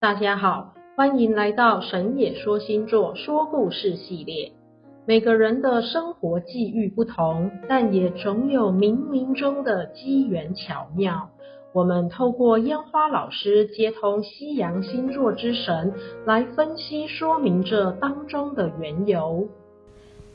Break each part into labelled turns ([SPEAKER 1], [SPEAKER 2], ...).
[SPEAKER 1] 大家好，歡迎來到《神野說星座說故事》系列。每個人的生活際遇不同，但也總有冥冥中的機緣巧妙。我們透過煙花老師接通西洋
[SPEAKER 2] 星座之神，來分析說明這當中的緣由。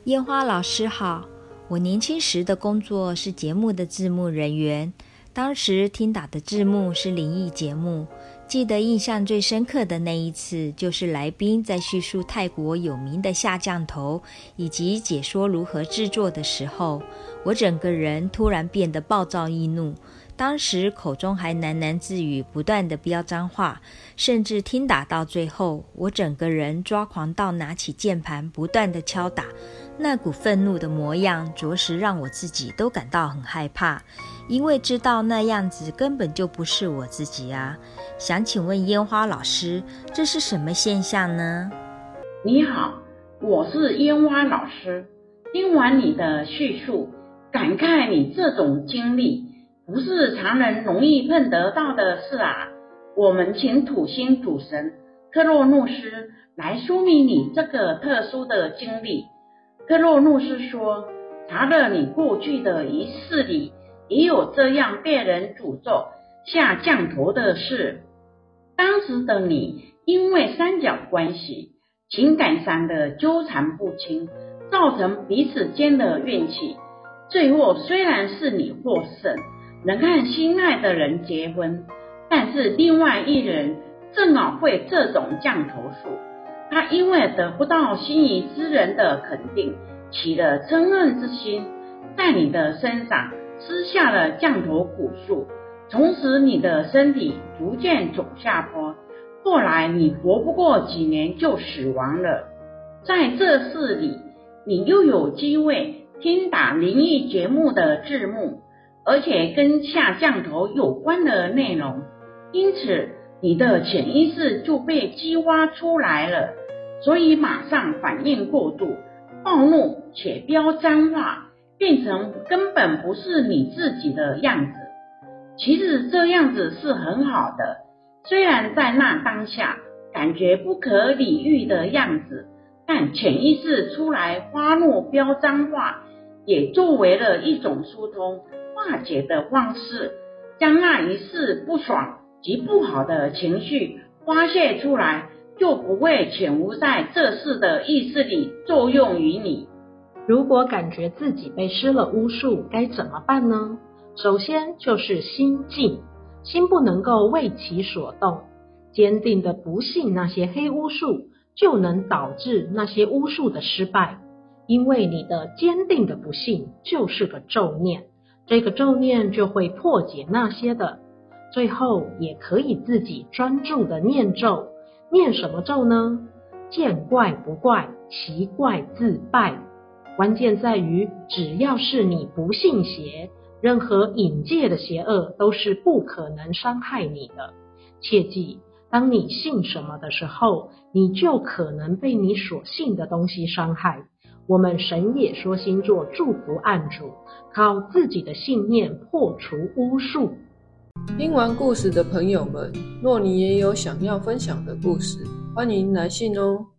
[SPEAKER 2] 煙花老師好，我年輕時的工作是節目的字幕人員。當時聽打的字幕是靈異節目，記得印象最深刻的那一次，就是來賓在敘述泰國有名的下降頭以及解說如何制作的時候，我整個人突然變得暴躁易怒。當時口中還喃喃自語，不斷地飆髒話，甚至聽打到最後，我整個人抓狂到拿起鍵盤不斷地敲打，那股憤怒的模樣，着實讓我自己都感到很害怕，因為知道那樣子根本就不是我自己啊。想請問煙花老師，這是什麼現象呢？你好，
[SPEAKER 3] 我是煙花老師，聽完你的敘述，感慨你這種經歷。不是常人容易碰得到的事啊！我們請土星主神克洛諾斯來說明你這個特殊的經歷。克洛諾斯說：“查了，你過去的一世裡也有這樣被人詛咒下降頭的事。當時的你因為三角關係，情感上的糾纏不清，造成彼此間的怨氣。最後雖然是你獲勝。”能看心愛的人結婚，但是另外一人正好會這種降頭術，他因為得不到心儀之人的肯定，起了嗔恨之心，在你的身上施下了降頭蠱術，從此你的身體逐漸走下坡，後來你活不過幾年就死亡了。在這世裡，你又有機會聽打靈異節目的字幕。而且跟下降頭有關的內容，因此你的潛意識就被激發出來了，所以馬上反應過度，暴怒且飆髒話，變成根本不是你自己的樣子。其實這樣子是很好的，雖然在那當下感覺不可理喻的樣子，但潛意識出來發怒飆髒話，也作為了一種疏通。化解的方式，將那一世不爽及不好的情緒發洩出來，就不會潛伏在這世的意識裡作用於你。
[SPEAKER 1] 如果感覺自己被施了巫術，該怎麼辦呢？首先就是心靜，心不能夠為其所動，堅定的不信那些黑巫術，就能導致那些巫術的失敗。因為你的堅定的不信就是個咒念。這個咒念就會破解那些的，最後也可以自己專注地念咒。念什麼咒呢？見怪不怪，其怪自敗。關鍵在於，只要是你不信邪，任何隱界的邪惡都是不可能傷害你的。切記，當你信什麼的時候，你就可能被你所信的東西傷害。我們神野說星座祝福案主，靠自己的信念破除巫術。聽完故事的朋友們，若你也有想要分享的故事，歡迎來信哦。